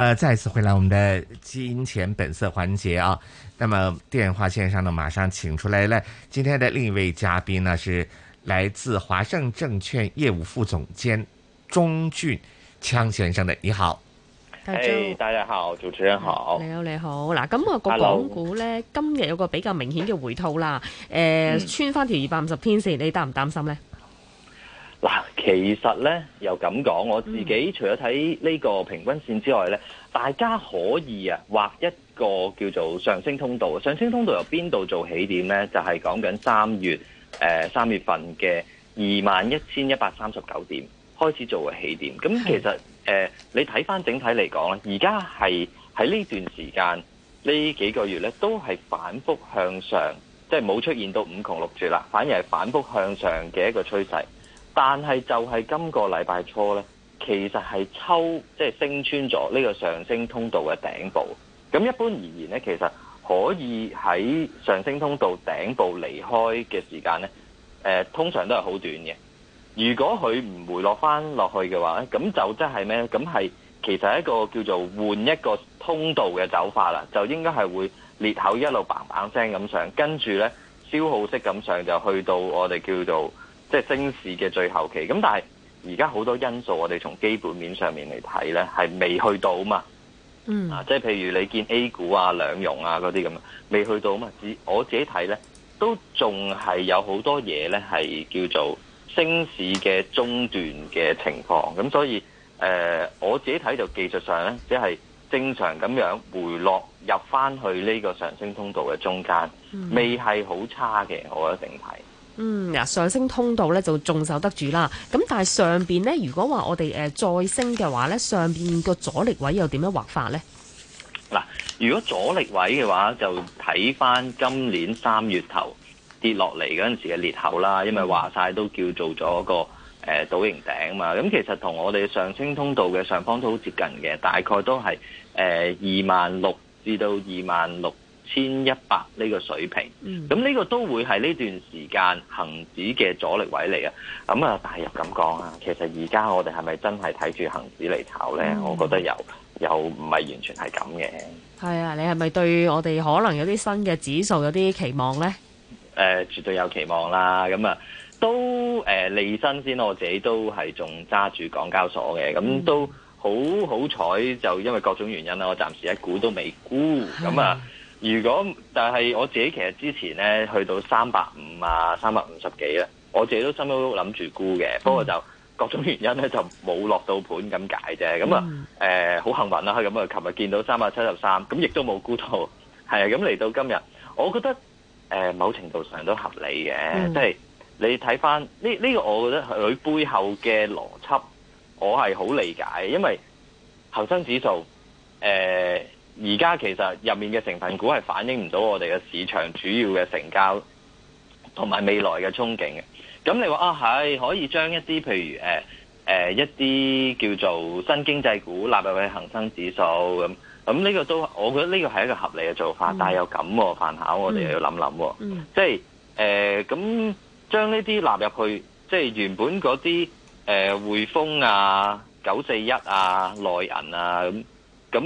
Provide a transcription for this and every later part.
呃，再次回來我們的金錢本色環節啊。那麼電話線上呢，馬上請出來了今天的另一位嘉賓呢，是來自華盛證券業務副總監鍾俊鏘先生的。你好，大家好，大家好，主持人好，你好，你好。嗱，咁啊，個港股呢，Hello. 今日有個比較明顯嘅回吐啦，呃 mm. 穿翻條二百五十天線，你擔唔擔心呢？嗱，其實咧又咁講，我自己除咗睇呢個平均線之外咧、嗯，大家可以啊畫一個叫做上升通道。上升通道由邊度做起點咧？就係講緊三月誒三、呃、月份嘅二萬一千一百三十九點開始做嘅起點。咁其實誒、呃，你睇翻整體嚟講咧，而家係喺呢段時間呢幾個月咧，都係反覆向上，即係冇出現到五窮六絕啦，反而係反覆向上嘅一個趨勢。但係就係今個禮拜初呢，其實係抽即係升穿咗呢個上升通道嘅頂部。咁一般而言呢，其實可以喺上升通道頂部離開嘅時間呢，呃、通常都係好短嘅。如果佢唔回落翻落去嘅話，咁就即係咩？咁係其實一個叫做換一個通道嘅走法啦，就應該係會裂口一路棒棒聲咁上，跟住呢消耗式咁上就去到我哋叫做。即係升市嘅最後期，咁但係而家好多因素，我哋從基本面上面嚟睇咧，係未去到啊嘛。嗯。啊，即係譬如你見 A 股啊、兩融啊嗰啲咁啊，未去到啊嘛。自我自己睇咧，都仲係有好多嘢咧，係叫做升市嘅中段嘅情況。咁所以誒、呃，我自己睇就技術上咧，即係正常咁樣回落入翻去呢個上升通道嘅中間，嗯、未係好差嘅，我覺得整體。嗯，嗱上升通道咧就仲守得住啦，咁但係上邊咧如果話我哋誒再升嘅話咧，上邊個阻力位又點樣劃法咧？嗱，如果阻力位嘅話，就睇翻今年三月頭跌落嚟嗰陣時嘅裂口啦，因為話晒都叫做咗個誒倒形頂嘛，咁其實同我哋上升通道嘅上方都好接近嘅，大概都係誒二萬六至到二萬六。千一百呢個水平，咁、嗯、呢個都會係呢段時間恆指嘅阻力位嚟啊！咁、嗯、啊，大約咁講啊，其實而家我哋係咪真係睇住恒指嚟炒呢、嗯？我覺得又又唔係完全係咁嘅。係啊，你係咪對我哋可能有啲新嘅指數有啲期望呢？誒、呃，絕對有期望啦！咁啊，都誒、呃、利申先，我自己都係仲揸住港交所嘅，咁、嗯、都好好彩，就因為各種原因啦，我暫時一股都未沽，咁啊。嗯嗯如果但係我自己其實之前咧去到三百五啊，三百五十幾咧，我自己都心中都諗住沽嘅，不過就各種原因咧就冇落到盤咁解啫。咁啊誒好幸運啦，咁啊琴日見到三百七十三，咁亦都冇沽到，係啊咁嚟到今日，我覺得誒某程度上都合理嘅，即係你睇翻呢呢個，我覺得佢背後嘅邏輯，我係好理解，因為恆生指數誒。而家其實入面嘅成分股係反映唔到我哋嘅市場主要嘅成交同埋未來嘅憧憬嘅。咁你話啊，係可以將一啲譬如誒誒、呃呃、一啲叫做新經濟股納入去恒生指數咁。咁呢個都我覺得呢個係一個合理嘅做法，嗯、但係又咁過飯口，我哋又要諗諗喎。即係誒咁將呢啲納入去，即係原本嗰啲誒匯豐啊、九四一啊、內銀啊咁。咁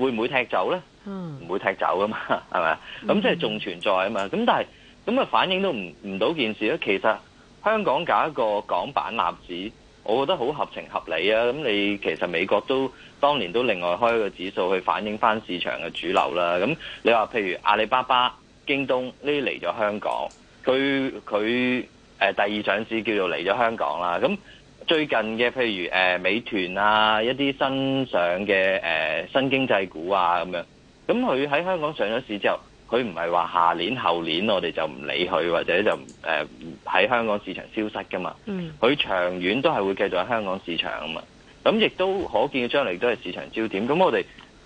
會唔會踢走呢？嗯、唔會踢走噶嘛，係咪？咁即係仲存在啊嘛。咁但係咁啊反映都唔唔到件事咯。其實香港搞一個港版納指，我覺得好合情合理啊。咁你其實美國都當年都另外開一個指數去反映翻市場嘅主流啦。咁你話譬如阿里巴巴、京東呢啲嚟咗香港，佢佢、呃、第二上市叫做嚟咗香港啦。咁最近嘅，譬如誒、呃、美團啊，一啲新上嘅誒、呃、新經濟股啊，咁樣。咁佢喺香港上咗市之後，佢唔係話下年、後年我哋就唔理佢，或者就誒喺、呃、香港市場消失噶嘛。嗯，佢長遠都係會繼續喺香港市場啊嘛。咁亦都可見將嚟都係市場焦點。咁我哋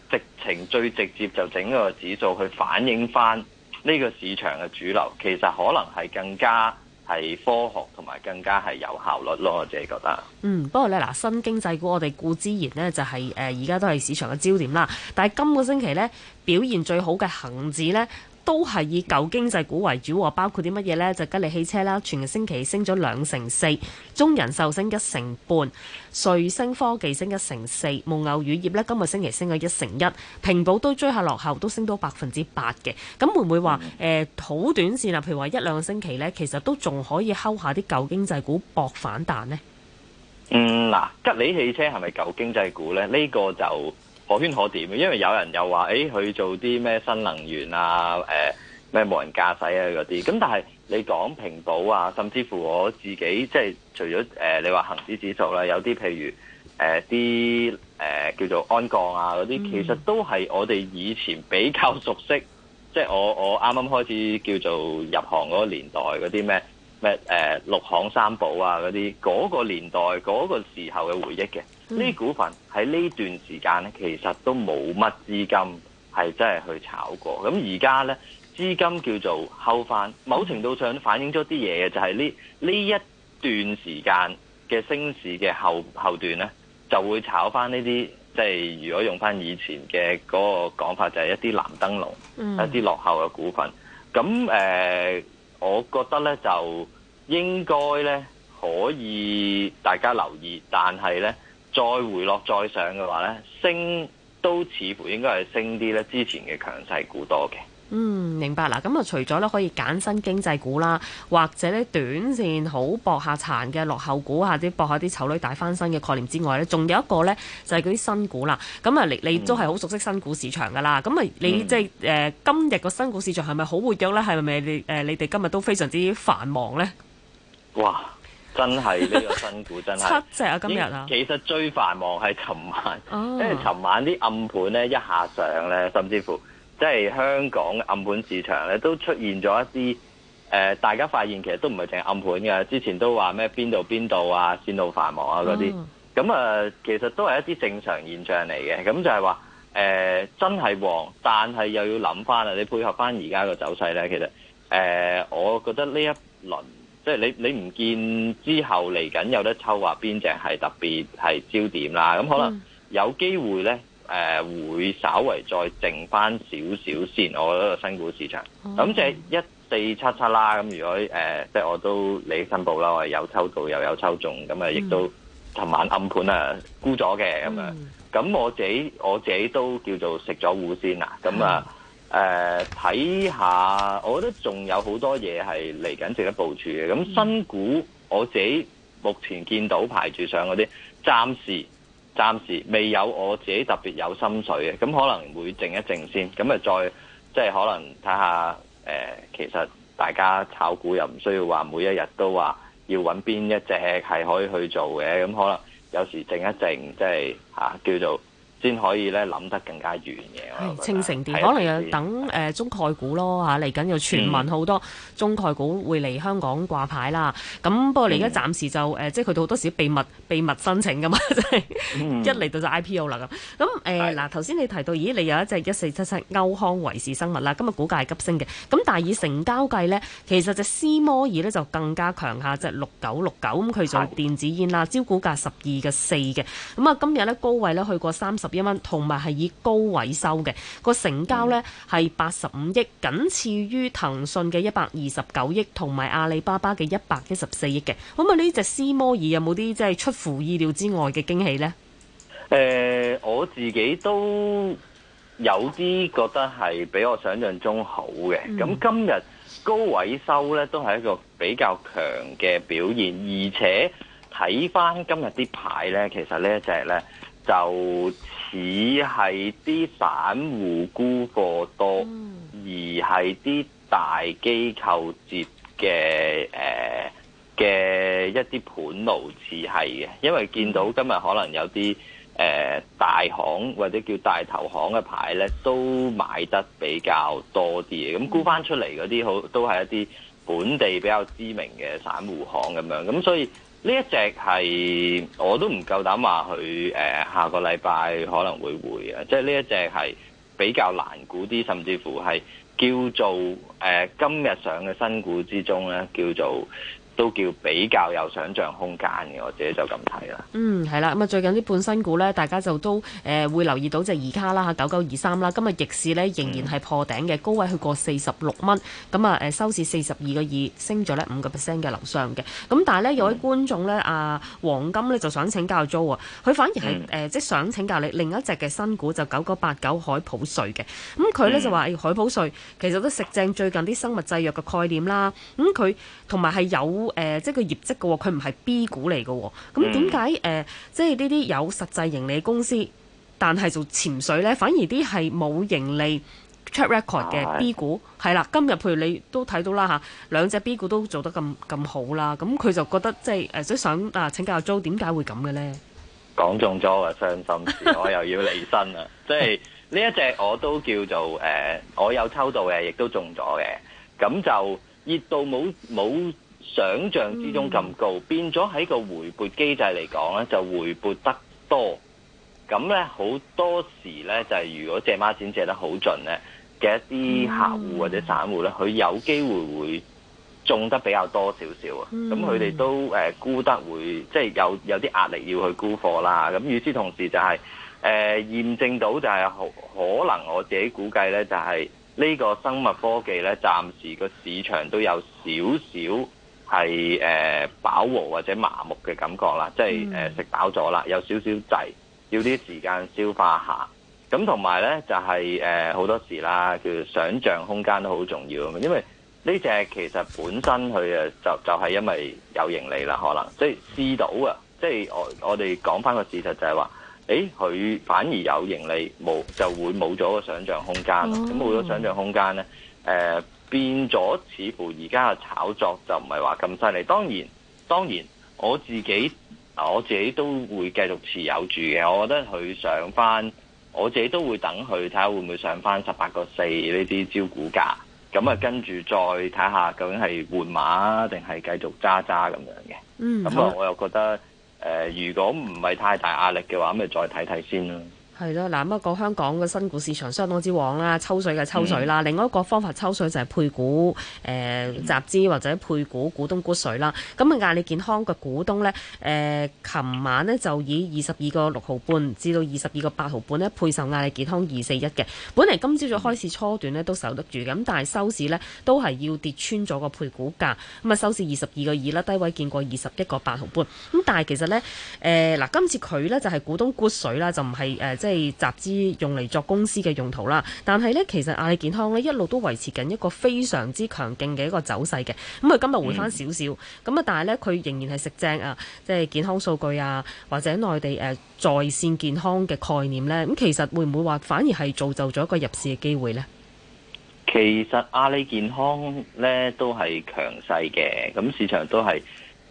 直情最直接就整個指數去反映翻呢個市場嘅主流，其實可能係更加。係科學同埋更加係有效率咯，我自己覺得。嗯，不過呢，嗱，新經濟股我哋固之然呢，就係誒而家都係市場嘅焦點啦。但係今個星期呢，表現最好嘅恆指呢，都係以舊經濟股為主，包括啲乜嘢呢？就吉利汽車啦，全個星期升咗兩成四，中人壽升一成半，瑞聲科技升一成四，蒙牛乳業呢，今日星期升咗一成一，平保都追下落後，都升到百分之八嘅。咁會唔會話誒好短線啊？譬如話一兩個星期呢，其實都仲可以摳下啲舊經濟股搏反彈呢？嗯，嗱，吉利汽車係咪舊經濟股呢？呢、這個就。可圈可點，因為有人又話，誒，去做啲咩新能源啊，誒，咩無人駕駛啊嗰啲。咁但係你講平保啊，甚至乎我自己，即係除咗誒，你話恆指指數啦，有啲譬如誒啲誒叫做安鋼啊嗰啲，其實都係我哋以前比較熟悉，即係我我啱啱開始叫做入行嗰個年代嗰啲咩咩六行三保啊嗰啲，嗰個年代嗰個時候嘅回憶嘅。呢股份喺呢段時間咧，其實都冇乜資金係真係去炒過。咁而家呢，資金叫做收翻，某程度上反映咗啲嘢嘅，就係呢呢一段時間嘅升市嘅後後段呢，就會炒翻呢啲，即係如果用翻以前嘅嗰個講法，就係一啲藍燈籠、mm. 一啲落後嘅股份。咁誒、呃，我覺得呢，就應該呢，可以大家留意，但係呢。再回落再上嘅話呢，升都似乎應該係升啲呢之前嘅強勢股多嘅。嗯，明白啦。咁啊，就除咗呢可以揀新經濟股啦，或者呢短線好搏下殘嘅落後股，或者搏下啲醜女大翻身嘅概念之外呢，仲有一個呢就係嗰啲新股啦。咁啊，你你都係好熟悉新股市場㗎啦。咁、嗯、啊，你即、就、係、係嗯呃、今日個新股市場係咪好活躍呢？係咪你哋、呃、今日都非常之繁忙呢？哇！ 真係呢個新股真係七隻啊！今日啊，其實最繁忙係尋晚，因為尋晚啲暗盤咧一下上咧，甚至乎即係香港暗盤市場咧都出現咗一啲誒、呃，大家發現其實都唔係淨係暗盤嘅，之前都話咩邊度邊度啊，線路繁忙啊嗰啲，咁、嗯、啊，其實都係一啲正常現象嚟嘅。咁就係話誒，真係旺，但係又要諗翻啊，你配合翻而家個走勢咧，其實誒、呃，我覺得呢一輪。即係你你唔見之後嚟緊有得抽，話邊隻係特別係焦點啦。咁可能有機會咧，誒、嗯呃、會稍為再靜翻少少先，我覺得個新股市場。咁即係一四七七啦。咁如果誒即係我都你申報啦，我有抽到又有抽中，咁啊亦都琴晚暗盤啊沽咗嘅咁咁我自己我自己都叫做食咗糊先啦咁啊。誒睇下，我覺得仲有好多嘢係嚟緊值得部署嘅。咁新股我自己目前見到排住上嗰啲，暫時暫時未有我自己特別有心水嘅。咁可能會靜一靜先，咁誒再即係可能睇下、呃、其實大家炒股又唔需要話每一日都話要揾邊一隻係可以去做嘅。咁可能有時靜一靜，即係、吓、叫做。先可以咧諗得更加遠嘅。係，清城電可能等誒、呃、中概股咯嚇，嚟緊要傳聞好多、嗯、中概股會嚟香港掛牌啦。咁、啊、不過你而家暫時就誒，即係佢好多時候秘密秘密申請㗎嘛，即、就、係、是嗯、一嚟到就 IPO 啦咁。咁誒嗱，頭、呃、先、啊、你提到，咦？你有一隻一四七七歐康維視生物啦，今日股價係急升嘅。咁但係以成交計呢，其實隻斯摩爾呢就更加強下，就六九六九咁，佢做電子煙啦，招股價十二個四嘅。咁啊，今日呢，高位呢去過三十。一同埋係以高位收嘅，個成交呢，係八十五億，僅次於騰訊嘅一百二十九億，同埋阿里巴巴嘅一百一十四億嘅。咁啊，呢隻思摩爾有冇啲即係出乎意料之外嘅驚喜呢？誒、呃，我自己都有啲覺得係比我想象中好嘅。咁、嗯、今日高位收呢，都係一個比較強嘅表現，而且睇翻今日啲牌呢，其實呢一隻咧。就似係啲散戶沽貨多，嗯、而係啲大機構接嘅嘅、呃、一啲盤路，似係嘅。因為見到今日可能有啲、呃、大行或者叫大投行嘅牌呢都買得比較多啲，咁沽翻出嚟嗰啲好都係一啲本地比較知名嘅散戶行咁樣，咁所以。呢一隻係我都唔夠膽話佢誒，下個禮拜可能會回啊！即係呢一隻係比較難估啲，甚至乎係叫做誒、呃、今日上嘅新股之中咧，叫做。都叫比較有想像空間嘅，我自己就咁睇啦。嗯，係啦。咁啊，最近啲半新股呢，大家就都誒、呃、會留意到即係移卡啦吓，九九二三啦。今日逆市呢，仍然係破頂嘅、嗯，高位去過四十六蚊。咁啊誒收市四十二個二，升咗呢五個 percent 嘅樓上嘅。咁但係呢，有位觀眾呢，阿、啊、黃金呢，就想請教租啊。佢反而係誒即係想請教你另一隻嘅新股就九九八九海普瑞嘅。咁、嗯、佢呢，就話、嗯、海普瑞其實都食正最近啲生物製藥嘅概念啦。咁佢同埋係有。誒，即係個業績嘅，佢唔係 B 股嚟嘅。咁點解誒，即係呢啲有實際盈利公司，但係做潛水咧，反而啲係冇盈利 check record 嘅 B 股，係啦，今日譬如你都睇到啦吓，兩隻 B 股都做得咁咁好啦，咁佢就覺得即係誒，想啊，請教阿 Jo，點解會咁嘅咧？講中咗啊，傷心事，我又要離身啦。即係呢一隻我都叫做誒，我有抽到嘅，亦都中咗嘅，咁就熱度冇冇。想象之中咁高，嗯、變咗喺個回撥機制嚟講呢就回撥得多。咁呢好多時呢，就係、是、如果借孖錢借得好盡呢嘅一啲客戶或者散戶呢，佢、嗯、有機會會中得比較多少少啊。咁佢哋都誒、呃、沽得會，即、就、係、是、有有啲壓力要去沽貨啦。咁與此同時就係、是、誒、呃、驗證到就係、是、可可能我自己估計呢，就係、是、呢個生物科技呢，暫時個市場都有少少。係誒、呃、飽和或者麻木嘅感覺啦，即係誒食飽咗啦，有少少滯，要啲時間消化下。咁同埋咧就係誒好多時啦，叫想像空間都好重要啊，因為呢隻其實本身佢誒就就係因為有盈利啦，可能即係試到啊，即係我我哋講翻個事實就係話，咦，佢反而有盈利冇就會冇咗個想像空間。咁冇咗想像空間咧，誒、嗯。呃變咗，似乎而家嘅炒作就唔係話咁犀利。當然，當然我自己嗱，我自己都會繼續持有住嘅。我覺得佢上翻，我自己都會等佢睇下會唔會上翻十八個四呢啲招股價。咁啊，跟住再睇下究竟係換馬定係繼續揸揸咁樣嘅。嗯，咁啊，我又覺得、呃、如果唔係太大壓力嘅話，咁咪再睇睇先咯。係、嗯、咯，嗱，咁一個香港嘅新股市場相當之旺啦，抽水嘅抽水啦。另外一個方法抽水就係配股，誒、呃、集資或者配股，股東骨水啦。咁、嗯、啊，阿里健康嘅股東呢，誒、呃，琴晚呢就以二十二個六毫半至到二十二個八毫半呢，配售阿里健康二四一嘅。本嚟今朝早開市，初段呢都守得住，嘅，咁但係收市呢都係要跌穿咗個配股價，咁、嗯、啊收市二十二個二啦，低位見過二十一個八毫半。咁但係其實呢，誒、呃、嗱，今次佢呢就係股東骨水啦，就唔係誒即係。呃就是係集資用嚟作公司嘅用途啦，但係呢，其實阿里健康呢一路都維持緊一個非常之強勁嘅一個走勢嘅，咁啊今日回翻少少，咁、嗯、啊但係呢，佢仍然係食正啊，即係健康數據啊，或者內地誒在綫健康嘅概念呢。咁其實會唔會話反而係造就咗一個入市嘅機會呢？其實阿里健康呢都係強勢嘅，咁市場都係。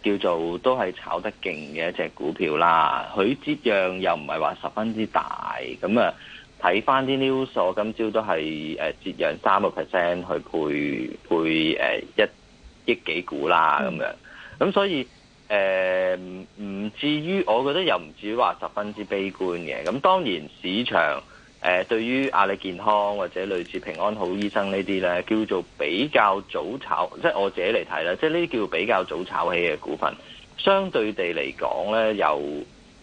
叫做都係炒得勁嘅一隻股票啦，佢折讓又唔係話十分之大，咁啊睇翻啲 news 今朝都係誒、呃、折讓三個 percent 去配配誒、呃、一億幾股啦咁、嗯、樣，咁所以誒唔、呃、至於，我覺得又唔至於話十分之悲觀嘅，咁當然市場。誒、呃，對於阿里健康或者類似平安好醫生呢啲咧，叫做比較早炒，即係我自己嚟睇啦，即係呢啲叫做比較早炒起嘅股份，相對地嚟講咧，又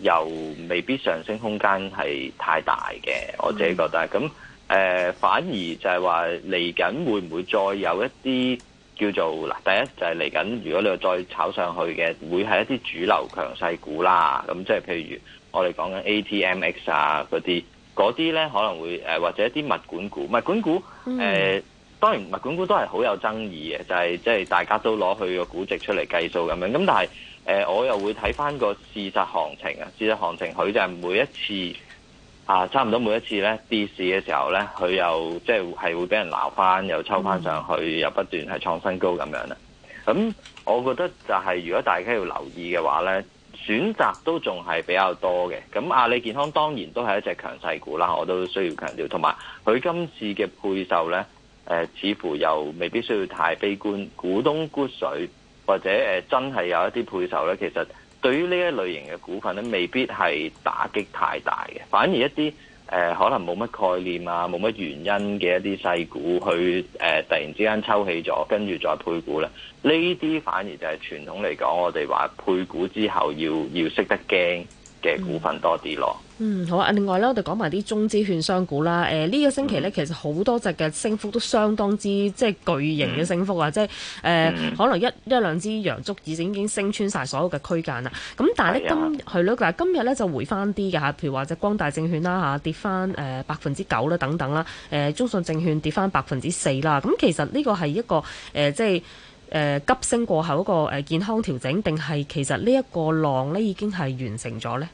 又未必上升空間係太大嘅，我自己覺得。咁、嗯呃、反而就係話嚟緊會唔會再有一啲叫做嗱，第一就係嚟緊，如果你再炒上去嘅，會係一啲主流強勢股啦。咁即係譬如我哋講緊 ATMX 啊嗰啲。那些嗰啲咧可能會誒、呃，或者一啲物管股，物管股誒、呃，當然物管股都係好有爭議嘅，就係即係大家都攞佢個估值出嚟計數咁樣。咁但係誒、呃，我又會睇翻個事實行情啊，事實行情佢就係每一次啊，差唔多每一次咧跌市嘅時候咧，佢又即係係會俾人鬧翻，又抽翻上去、嗯，又不斷係創新高咁樣啦。咁我覺得就係、是、如果大家要留意嘅話咧。選擇都仲係比較多嘅，咁阿里健康當然都係一隻強勢股啦，我都需要強調，同埋佢今次嘅配售呢、呃，似乎又未必需要太悲觀，股東沽水或者、呃、真係有一啲配售呢，其實對於呢一類型嘅股份呢，未必係打擊太大嘅，反而一啲。誒、呃、可能冇乜概念啊，冇乜原因嘅一啲細股，去誒、呃、突然之間抽起咗，跟住再配股咧，呢啲反而就係傳統嚟講，我哋話配股之後要要識得驚。嘅股份多啲咯，嗯，好啊，另外咧我哋講埋啲中資券商股啦，誒呢個星期咧、嗯、其實好多隻嘅升幅都相當之即係巨型嘅升幅啊、嗯，即係誒、呃嗯、可能一一兩支洋竹已經已經升穿晒所有嘅區間啦，咁但係咧今係咯，但係今日咧就回翻啲嘅吓，譬如話隻光大證券啦吓跌翻誒百分之九啦等等啦，誒、呃、中信證券跌翻百分之四啦，咁、嗯、其實呢個係一個誒、呃、即係。呃、急升過後一個誒健康調整，定係其實呢一個浪咧已經係完成咗呢？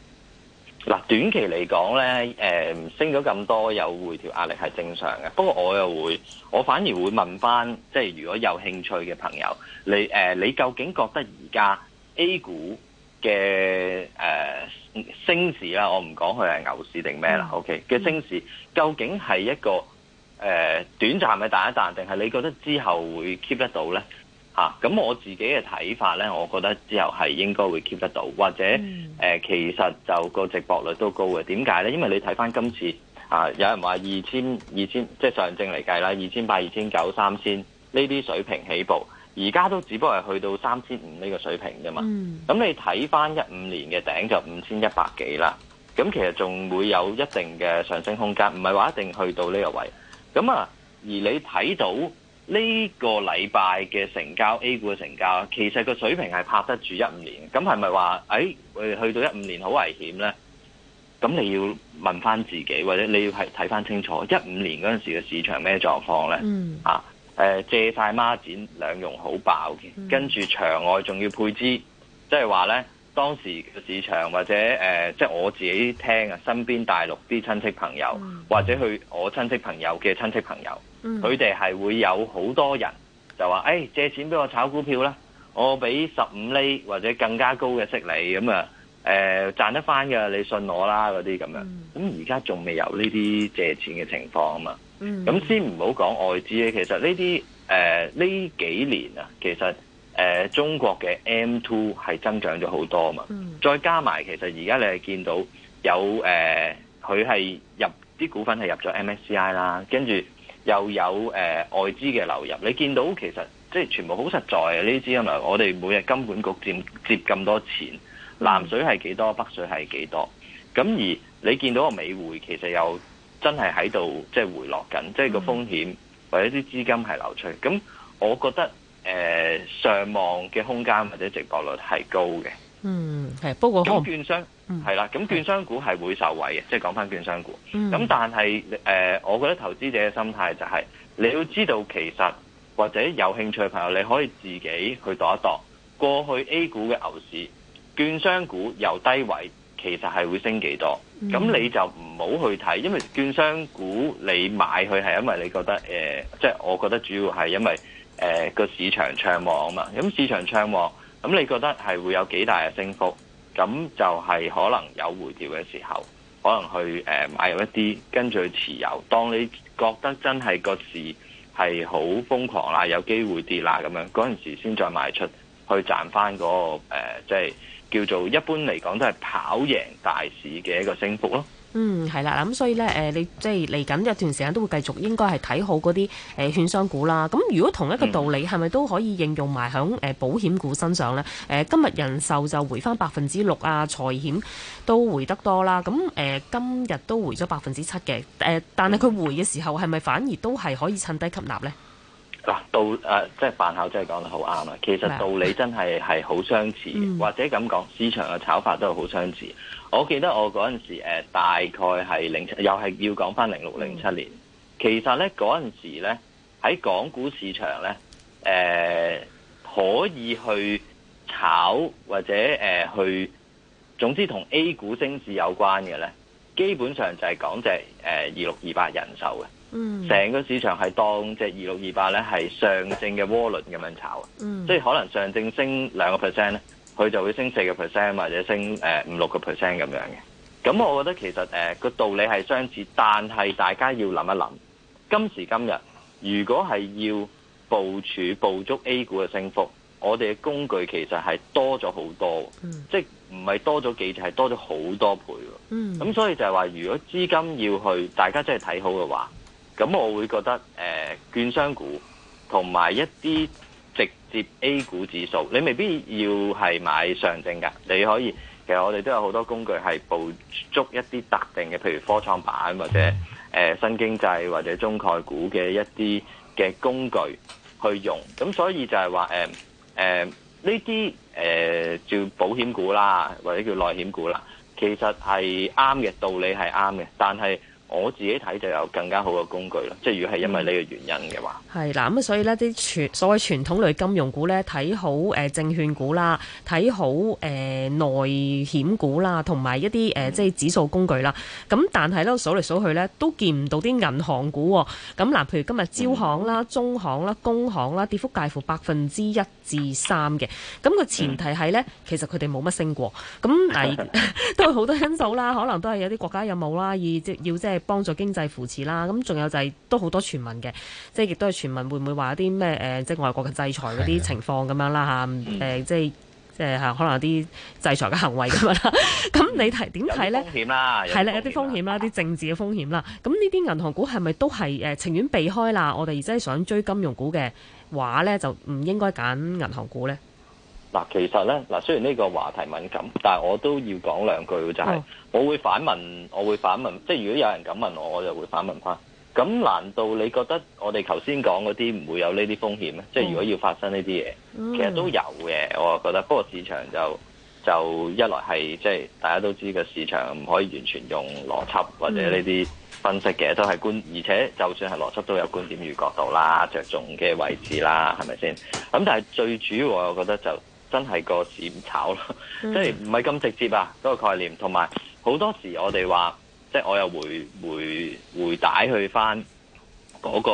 嗱，短期嚟講呢誒、呃，升咗咁多有回調壓力係正常嘅。不過我又會，我反而會問翻，即係如果有興趣嘅朋友，你誒、呃，你究竟覺得而家 A 股嘅誒、呃、升市啦，我唔講佢係牛市定咩啦。OK，嘅升市究竟係一個誒、呃、短暫嘅彈一彈，定係你覺得之後會 keep 得到呢？咁、啊、我自己嘅睇法呢，我覺得之後係應該會 keep 得到，或者、嗯呃、其實就個值博率都高嘅。點解呢？因為你睇翻今次、啊、有人話二千二千，即係上證嚟計啦，二千八、二千九、三千呢啲水平起步，而家都只不過係去到三千五呢個水平啫嘛。咁、嗯、你睇翻一五年嘅頂就五千一百幾啦，咁其實仲會有一定嘅上升空間，唔係話一定去到呢個位。咁啊，而你睇到。呢、這個禮拜嘅成交 A 股嘅成交，其實個水平係拍得住一五年，咁係咪話誒去到一五年好危險呢？咁你要問翻自己，或者你要睇睇翻清楚一五年嗰陣時嘅市場咩狀況呢、嗯？啊，呃、借晒孖展兩融好爆嘅，跟住、嗯、場外仲要配資，即係話呢當時嘅市場或者、呃、即係我自己聽啊，身邊大陸啲親戚朋友、嗯，或者去我親戚朋友嘅親戚朋友。佢哋係會有好多人就話，誒、哎、借錢俾我炒股票啦，我俾十五厘或者更加高嘅息利咁啊，誒、呃、賺得翻㗎，你信我啦，嗰啲咁樣。咁而家仲未有呢啲借錢嘅情況啊嘛。咁、嗯、先唔好講外資啊。其實呢啲誒呢幾年啊，其實誒、呃、中國嘅 M two 係增長咗好多啊嘛、嗯。再加埋其實而家你係見到有誒佢係入啲股份係入咗 M S C I 啦，跟住。又有誒、呃、外資嘅流入，你見到其實即係、就是、全部好實在嘅呢啲資金流我哋每日金管局接接咁多錢，南水係幾多，北水係幾多，咁而你見到個美匯其實又真係喺度即係回落緊，即、就、係、是、個風險或者啲資金係流出，咁我覺得誒、呃、上望嘅空間或者值博率係高嘅。嗯，係，包括咁券商係啦，咁券商股係會受惠嘅、嗯，即係講返券商股。咁、嗯、但係誒、呃，我覺得投資者嘅心態就係、是，你要知道其實或者有興趣嘅朋友，你可以自己去度一度過去 A 股嘅牛市，券商股由低位其實係會升幾多，咁、嗯、你就唔好去睇，因為券商股你買佢係因為你覺得誒，即、呃、係、就是、我覺得主要係因為誒個、呃、市場暢旺啊嘛，咁市場暢旺。咁你覺得係會有幾大嘅升幅？咁就係可能有回調嘅時候，可能去買、呃、買入一啲，跟住去持有。當你覺得真係個市係好瘋狂啦，有機會跌啦咁樣，嗰陣時先再賣出去賺翻嗰個即係、呃即係、叫做一般嚟講都係跑贏大市嘅一個升幅咯。嗯，係啦，嗱，咁所以咧，你、呃、即係嚟緊一段時間都會繼續應該係睇好嗰啲券商股啦。咁如果同一個道理，係、嗯、咪都可以應用埋喺保險股身上咧、呃？今日人壽就回翻百分之六啊，財險都回得多啦。咁、啊呃、今日都回咗百分之七嘅，但係佢回嘅時候係咪反而都係可以趁低吸納咧？嗱、啊，道誒、啊、即係范巧，真係講得好啱啊！其實道理真係係好相似、嗯，或者咁講，市場嘅炒法都係好相似。我記得我嗰陣時、呃、大概係零七，又係要講翻零六零七年、嗯。其實咧嗰陣時咧，喺港股市場咧，誒、呃、可以去炒或者、呃、去，總之同 A 股升市有關嘅咧，基本上就係講隻誒二六二八人壽嘅。成、嗯、個市場係當隻二六二八咧係上證嘅窩輪咁樣炒的，即、嗯、係可能上證升兩個 percent 咧，佢就會升四個 percent 或者升誒五六個 percent 咁樣嘅。咁我覺得其實誒個、呃、道理係相似，但係大家要諗一諗，今時今日如果係要部署捕，捕捉 A 股嘅升幅，我哋嘅工具其實係多咗好多，即係唔係多咗幾隻，係多咗好多倍。咁、嗯、所以就係話，如果資金要去，大家真係睇好嘅話。咁我會覺得誒、呃、券商股同埋一啲直接 A 股指數，你未必要係買上證㗎。你可以，其實我哋都有好多工具係捕捉一啲特定嘅，譬如科創板或者誒、呃、新經濟或者中概股嘅一啲嘅工具去用。咁所以就係話誒呢啲誒叫保險股啦，或者叫內險股啦，其實係啱嘅，道理係啱嘅，但係，我自己睇就有更加好嘅工具咯，即係如果係因為呢個原因嘅話，係啦。咁所以呢啲傳所謂傳統類金融股呢，睇好誒、呃、證券股啦，睇好誒、呃、內險股啦，同埋一啲誒即係指數工具啦。咁但係咧數嚟數去呢，都見唔到啲銀行股、喔。咁嗱，譬如今日招行啦、嗯、中行啦、工行啦，跌幅介乎百分之一至三嘅。咁個前提係呢、嗯，其實佢哋冇乜升過。咁但係 都好多因素啦，可能都係有啲國家任務啦，而即要即係。幫助經濟扶持啦，咁仲有就係、是、都好多傳聞嘅，即係亦都係傳聞會不會，會唔會話啲咩誒，即係外國嘅制裁嗰啲情況咁樣啦嚇，誒、呃、即係即係可能有啲制裁嘅行為咁樣啦。咁 你睇點睇咧？有風險啦，係啦，有啲風險啦，啲政治嘅風險啦。咁呢啲銀行股係咪都係誒、呃、情願避開啦？我哋而真係想追金融股嘅話咧，就唔應該揀銀行股咧。嗱，其實咧，嗱，雖然呢個話題敏感，但係我都要講兩句就係、是、我會反問，我會反問，即係如果有人敢問我，我就會反問翻。咁難道你覺得我哋頭先講嗰啲唔會有呢啲風險、嗯、即係如果要發生呢啲嘢，其實都有嘅。我覺得，不過市場就就一來係即係大家都知個市場，唔可以完全用邏輯或者呢啲分析嘅、嗯，都係觀，而且就算係邏輯，都有觀點與角度啦、着重嘅位置啦，係咪先？咁但係最主要，我覺得就真係個市炒咯，即係唔係咁直接啊？嗰、那個概念同埋好多時候我，我哋話即係我又回回回帶去翻嗰、那個、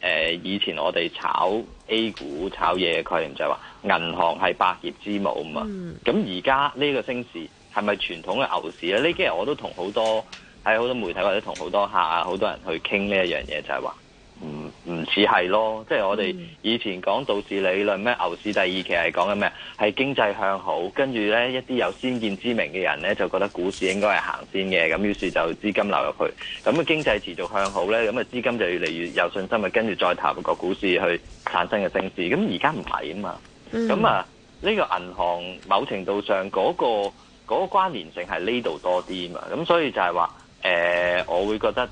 呃、以前我哋炒 A 股炒嘢嘅概念，就係、是、話銀行係百業之母啊嘛。咁而家呢個升市係咪傳統嘅牛市咧？呢幾日我都同好多喺好多媒體或者同好多客、好多人去傾呢一樣嘢，就係、是、話。唔唔似係咯，即係我哋以前講道氏理論咩？牛市第二期係講緊咩？係經濟向好，跟住咧一啲有先見之明嘅人咧，就覺得股市應該係行先嘅，咁於是就資金流入去。咁啊，經濟持續向好咧，咁啊資金就越嚟越有信心，咪跟住再投入個股市去產生嘅升市。咁而家唔係啊嘛，咁、嗯、啊呢、呢個銀行某程度上嗰、嗰個嗰、嗰個關聯性係呢度多啲啊嘛，咁所以就係話誒，我會覺得。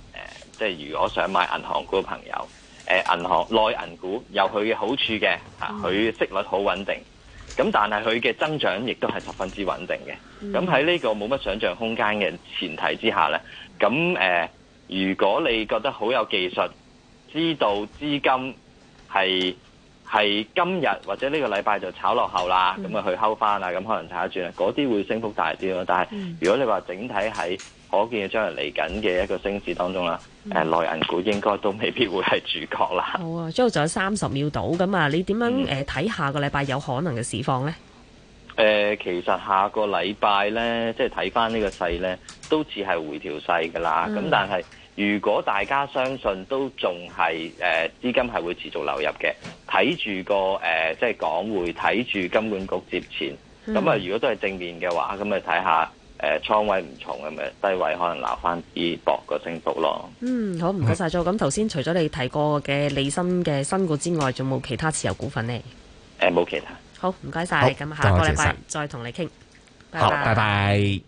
即係如果想買銀行股嘅朋友，誒、呃，銀行內銀股有佢嘅好處嘅，吓、oh. 佢息率好穩定，咁但係佢嘅增長亦都係十分之穩定嘅。咁喺呢個冇乜想象空間嘅前提之下咧，咁誒、呃，如果你覺得好有技術，知道資金係係今日或者呢個禮拜就炒落後啦，咁、mm. 啊去睺返啊，咁可能炒下轉，嗰啲會升幅大啲咯。但係、mm. 如果你話整體喺，嗰件嘢將嚟嚟緊嘅一個升市當中啦，誒、嗯呃、內銀股應該都未必會係主角啦。好啊，最仲有三十秒到咁啊，你點樣誒睇、呃、下個禮拜有可能嘅市況咧？誒、呃，其實下個禮拜咧，即係睇翻呢個勢咧，都似係回調勢噶啦。咁、嗯、但係如果大家相信都仲係誒資金係會持續流入嘅，睇住個誒、呃、即係港會睇住金管局接錢，咁、嗯、啊如果都係正面嘅話，咁啊睇下。誒、呃，倉位唔重咁咪，低位，可能攞翻啲薄個升幅咯。嗯，好唔該曬咗。咁頭先除咗你提過嘅李生嘅新股之外，仲冇其他持有股份呢？誒、呃，冇其他。好，唔該晒。咁下個禮拜再同你傾。拜拜。